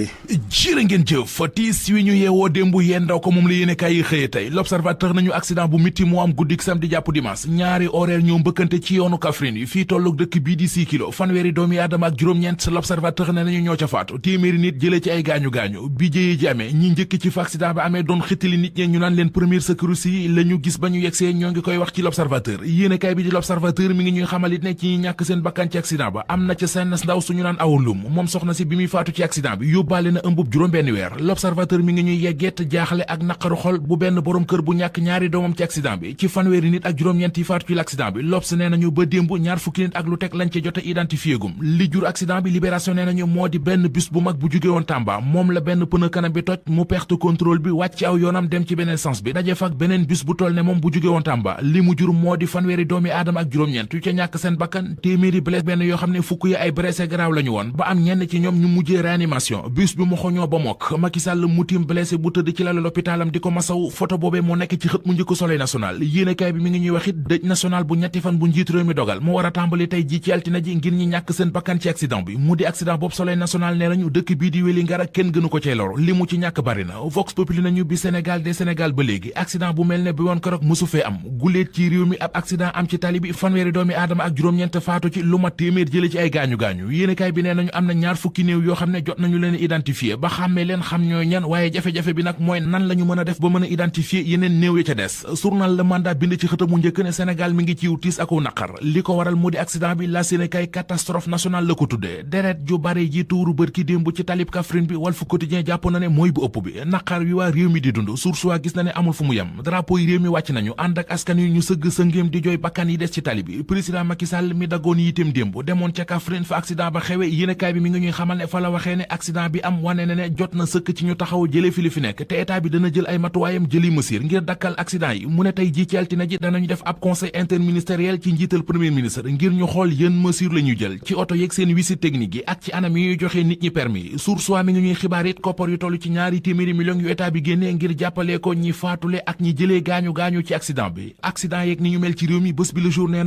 jërë ngeen jëf tiis wi ñu yeewoo démb yendaw ko moom la yéene yi xëye tey l'observateur nañu accident bu mitti moo am guddik samedi jàpp dimanche ñaari horaire ñoo mbëkkante ci yoonu Kaffrine yi fii tolloog dëkk bii di 6 kilo fanweeri doomi aadama ak juróom-ñeent l'observateur ne nañu ñoo ca faatu téeméeri nit jëlee ci ay gaañu-gaañu bi jëyee ji amee ñi njëkk ci fa accident ba amee doon xitali nit ñu naan leen première secours yi la ñu gis ba ñu yegsee ñoo ngi koy wax ci na ca senn ndaw suñu yóbbaale na ëmbub juróom-benn weer l'observateur mi ngi ñuy yeggeet jaaxle ak naqaru xol bu benn borom kër bu ñàkk ñaari doomam ci accident bi ci fanweeri nit ak juróom-ñeent yi faatu ci l'accident bi l'Obs nee nañu ba démb ñaar fukki nit ak lu teg lañ ci jote identifié gum li jur accident bi libération nee nañu moo di benn bus bu mag bu jóge woon Tamba moom la benn pneu kanam bi toj mu perte contrôle bi wàcc ci aw yoonam dem ci beneen sens bi daje fa ak beneen bus bu toll ne moom bu jóge woon Tamba li mu jur moo di fanweeri doomi aadama ak juróom-ñeent yu ca ñàkk seen bakkan téeméeri blessé benn yoo xam ne fukk yi ay blessé grave lañu woon ba am ñenn ci ñoom ñu mujjee réanimation bus bi mu xoñoo ba mokk Macky Sall mu tiim blessé bu tëdd ci lalu l'hôpitalam di ko masaw photo boobee moo nekk ci xët mu njëkk soleil national yéenekaay bi mi ngi ñuy wax dëj national bu ñetti fan bu njiit dogal mu war a tàmbali tey ji ci altine ji ngir ñi ñàkk seen bakkan ci accident bi mu di accident boobu soleil national nee nañu dëkk bii di wéli ngara kenn gënu ko cee li mu ci ñàkk bari vox populi nañu bi Sénégal de Sénégal ba léegi ak yoo xam ne jot identifier ba xàmmee leen xam ñooy ñan waaye jafe-jafe bi nag mooy nan la mën a def ba mën a identifier yeneen néew ya ca des journal Le Mandat bind ci xëtamu njëkk ne Sénégal mi ngi ci tiis ak naqar li ko waral mu di accident bi la Sénégal catastrophe nationale la ko tuddee deret ju bare ji tuuru bër ki démb ci talib Kaffrine bi Walf Quotidien jàpp na ne mooy bu ëpp bi naqar wi waa réew mi di dund source waa gis na ne amul fu mu yem drapeau yi réew mi bi am wane na ne jot na sëkk ci ñu taxaw jëlee fi li fi nekk te état bi dana jël ay matuwaayam jëli mesures ngir dakkal accident yi mu ne tey ji ci altine ji danañu def ab conseil interministériel ci njiital premier ministre ngir ñu xool yéen mesures la jël ci oto yeeg seen visite technique yi ak ci anam yi ñuy joxee nit ñi permis source waa mi ngi ñuy xibaar it koppar yu toll ci ñaari téeméeri millions yu état bi génnee ngir jàppale ko ñi faatule ak ñi jëlee gaañu gaañu ci accident mi bés bi le jour nee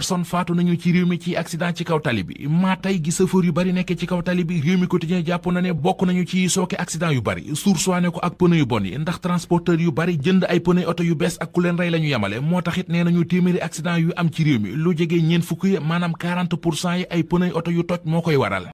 personnes faatu nañu ci réew mi ci accident ci kaw tali bi maa tey gi sëfoor yu bari nekk ci kaw tali bi réew mi quotidien jàpp na ne bokk nañu ci sooke accident yu bari sursoine ko ak pneu yu bon yi ndax transporteur yu bari jënd ay pneu oto yu bees ak ku leen rey lañu ñu yemale moo taxit it nee nañu téeméeri accident yu am ci réew mi lu jege ñeen fukk yi maanaam pour cent yi ay pneu oto yu toj moo koy waral